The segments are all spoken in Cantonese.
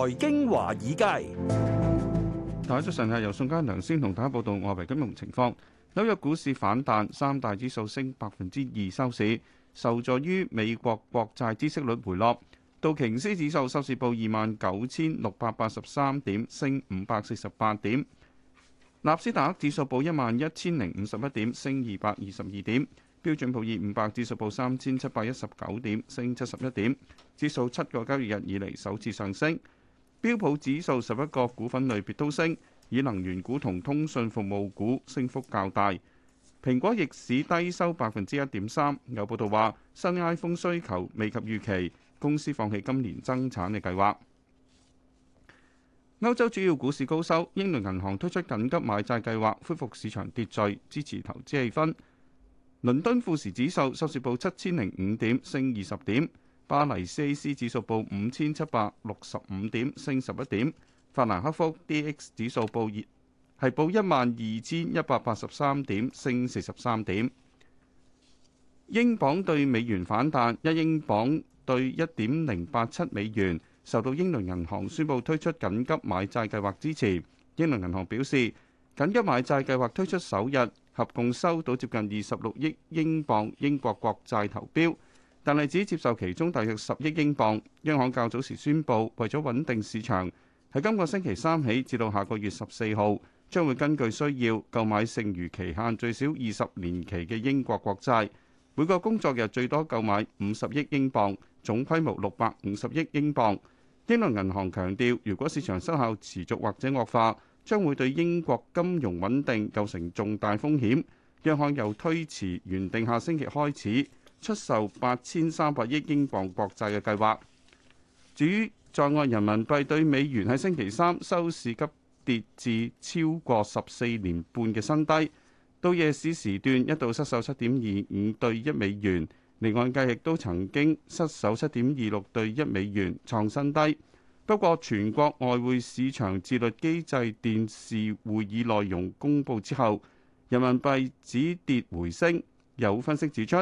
《財經華爾街》，大家早上好。由宋嘉良先同大家報道外圍金融情況。紐約股市反彈，三大指數升百分之二收市，受助於美國國債孳息率回落。道瓊斯指數收市報二萬九千六百八十三點，升五百四十八點。納斯達克指數報一萬一千零五十一點，升二百二十二點。標準普爾五百指數報三千七百一十九點，升七十一點。指數七個交易日以嚟首次上升。標普指數十一個股份類別都升，以能源股同通訊服務股升幅較大。蘋果逆市低收百分之一點三，有報道話新 iPhone 需求未及預期，公司放棄今年增產嘅計劃。歐洲主要股市高收，英倫銀行推出緊急買債計劃，恢復市場秩序，支持投資氣氛。倫敦富時指數收市報七千零五點，升二十點。巴黎 CAC 指數報五千七百六十五點，升十一點。法蘭克福 DAX 指數報熱，係報一萬二千一百八十三點，升四十三點。英鎊對美元反彈，一英鎊對一點零八七美元。受到英倫銀行宣布推出緊急買債計劃支持。英倫銀行表示，緊急買債計劃推出首日，合共收到接近二十六億英鎊英國國債投標。但係只接受其中大約十億英鎊，央行較早時宣布，為咗穩定市場，喺今個星期三起至到下個月十四號將會根據需要購買剩餘期限最少二十年期嘅英國國債，每個工作日最多購買五十億英鎊，總規模六百五十億英鎊。英倫銀行強調，如果市場失效持續或者惡化，將會對英國金融穩定構成重大風險，央行又推遲原定下星期開始出售八千三百億英鎊國債嘅計劃。至於在岸人民幣對美元喺星期三收市急跌至超過十四年半嘅新低，到夜市時，時段一度失守七點二五對一美元，離岸價亦都曾經失守七點二六對一美元創新低。不過，全國外匯市場自律機制電視會議內容公布之後，人民幣止跌回升。有分析指出，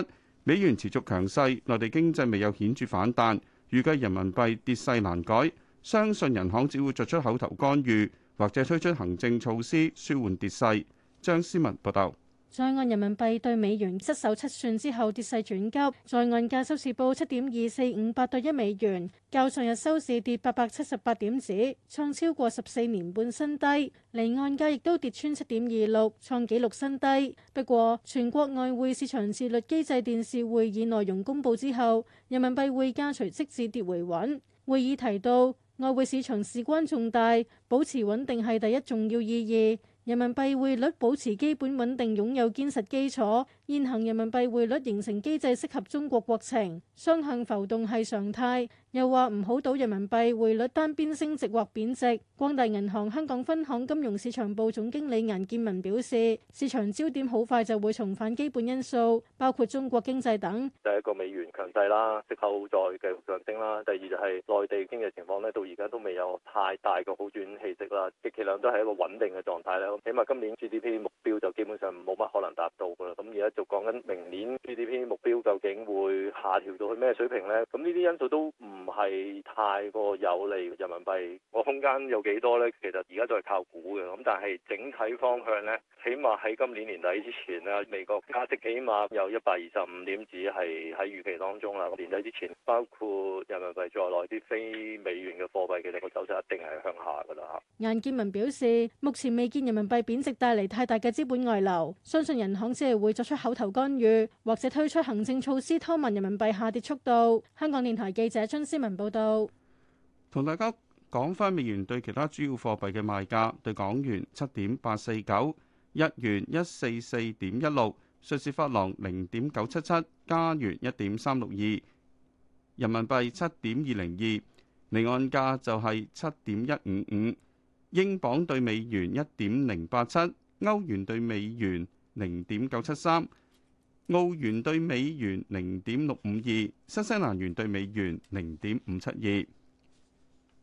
美元持續強勢，內地經濟未有顯著反彈，預計人民幣跌勢難改。相信人行只會作出口頭干預，或者推出行政措施舒緩跌勢。張思文報道。在岸人民幣對美元失守七算之後跌勢轉急，在岸價收市報七點二四五八對一美元，較上日收市跌八百七十八點子，創超過十四年半新低；離岸價亦都跌穿七點二六，創紀錄新低。不過，全國外匯市場自律機制電視會議內容公佈之後，人民幣匯價隨即止跌回穩。會議提到，外匯市場事關重大，保持穩定係第一重要意義。人民幣匯率保持基本穩定，擁有堅實基礎。現行人民幣匯率形成機制適合中國國情，雙向浮動係常態。又話唔好賭人民幣匯率單邊升值或貶值。光大銀行香港分行金融市場部總經理顏建文表示，市場焦點好快就會重返基本因素，包括中國經濟等。第一個美元強勢啦，息口再繼續上升啦。第二就係內地經濟情況呢，到而家都未有太大嘅好轉氣息啦，極其量都係一個穩定嘅狀態啦。咁起碼今年 GDP 目標就基本上冇乜可能達到噶啦。咁而家就講緊明年 GDP 目標究竟會下調到去咩水平呢？咁呢啲因素都唔。係太過有利人民幣，個空間有幾多咧？其實而家都係靠估嘅，咁但係整體方向咧，起碼喺今年年底之前咧，美國加息起碼有一百二十五點子係喺預期當中啦。年底之前，包括人民幣在內啲非美元嘅貨幣其實個走勢一定係向下噶啦。顏建文表示，目前未見人民幣貶值帶嚟太大嘅資本外流，相信人行只係會作出口頭干預或者推出行政措施拖慢人民幣下跌速度。香港電台記者張新聞報道，同大家講翻美元對其他主要貨幣嘅賣價：對港元七點八四九，日元一四四點一六，瑞士法郎零點九七七，加元一點三六二，人民幣七點二零二，離岸價就係七點一五五，英鎊對美元一點零八七，歐元對美元零點九七三。澳元兌美元零點六五二，新西蘭元兌美元零點五七二。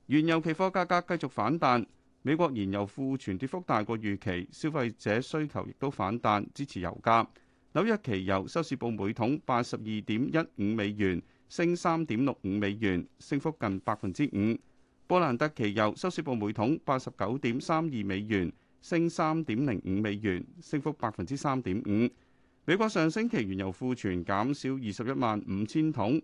原油期貨價格繼續反彈，美國燃油庫存跌幅大過預期，消費者需求亦都反彈，支持油價。紐約期油收市報每桶八十二點一五美元，升三點六五美元，升幅近百分之五。波蘭特期油收市報每桶八十九點三二美元，升三點零五美元，升幅百分之三點五。美國上星期原油庫存減少二十一萬五千桶，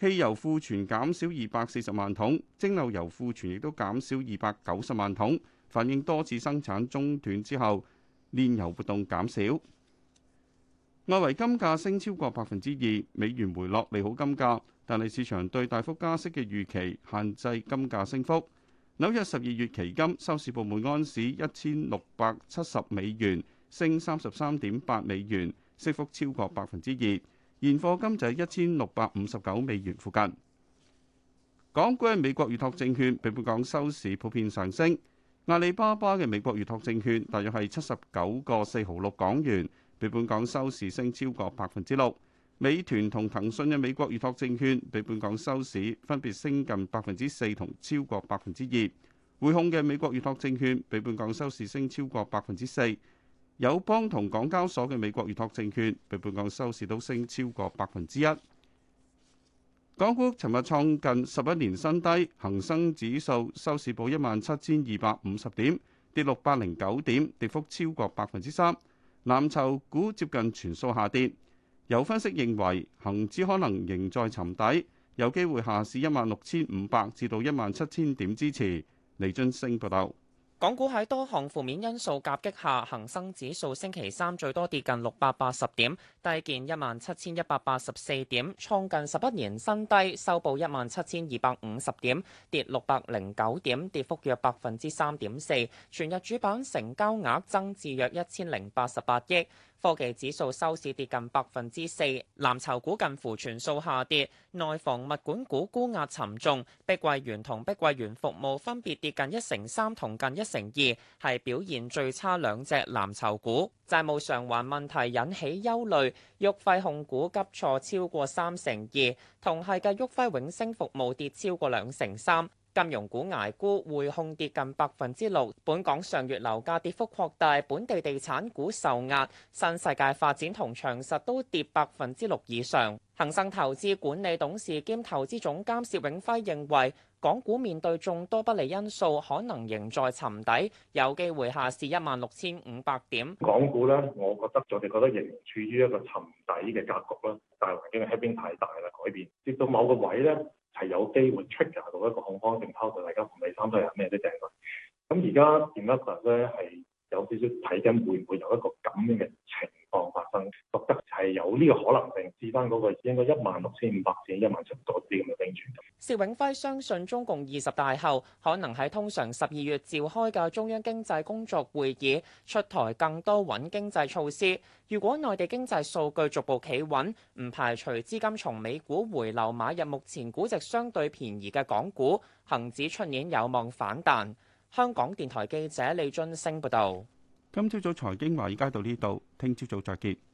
汽油庫存減少二百四十萬桶，蒸餾油庫存亦都減少二百九十萬桶，反映多次生產中斷之後煉油活動減少。外圍金價升超過百分之二，美元回落利好金價，但係市場對大幅加息嘅預期限制金價升幅。紐約十二月期金收市報每安士一千六百七十美元。升三十三點八美元，升幅超過百分之二。現貨金就喺一千六百五十九美元附近。港股嘅美國預託證券比本港收市普遍上升。阿里巴巴嘅美國預託證券，大約係七十九個四毫六港元，比本港收市升超過百分之六。美團同騰訊嘅美國預託證券比本港收市分別升近百分之四同超過百分之二。匯控嘅美國預託證券比本港收市升超過百分之四。友邦同港交所嘅美國預託證券被半港收市都升超過百分之一。港股尋日創近十一年新低，恒生指數收市報一萬七千二百五十點，跌六百零九點，跌幅超過百分之三。藍籌股接近全數下跌，有分析認為恒指可能仍在尋底，有機會下市一萬六千五百至到一萬七千點支持。李俊升報道。港股喺多項負面因素夾擊下，恒生指數星期三最多跌近六百八十點，低見一萬七千一百八十四點，創近十一年新低，收報一萬七千二百五十點，跌六百零九點，跌幅約百分之三點四。全日主板成交額增至約一千零八十八億。科技指數收市跌近百分之四，藍籌股近乎全數下跌，內房物管股沽壓沉重，碧桂園同碧桂園服務分別跌近一成三同近一成二係表現最差兩隻藍籌股，債務償還問題引起憂慮，旭輝控股急挫超過三成二，同係嘅旭輝永升服務跌超過兩成三。金融股挨沽，匯控跌近百分之六。本港上月樓價跌幅擴大，本地地產股受壓，新世界發展同長實都跌百分之六以上。恒生投資管理董事兼投資總監薛永輝認為。港股面對眾多不利因素，可能仍在沉底，有機會下試一萬六千五百點。港股咧，我覺得我哋覺得仍然處於一個沉底嘅格局啦。大環境嘅 hit 邊太大啦，改變直到某個位咧係有機會 trigger 到一個恐慌性拋售。對大家唔理三衰人咩都掟佢。咁而家點解佢咧係有少少睇緊會唔會有一個咁樣嘅情況發生？覺得係有呢個可能性。至翻嗰、那個應該一萬六千五百至一萬七多啲咁嘅冰存。17, 邵永輝相信中共二十大後可能喺通常十二月召開嘅中央經濟工作會議出台更多穩經濟措施。如果內地經濟數據逐步企穩，唔排除資金從美股回流買入目前估值相對便宜嘅港股，恆指出年有望反彈。香港電台記者李津升，報道。今朝早財經華爾街到呢度，聽朝早再見。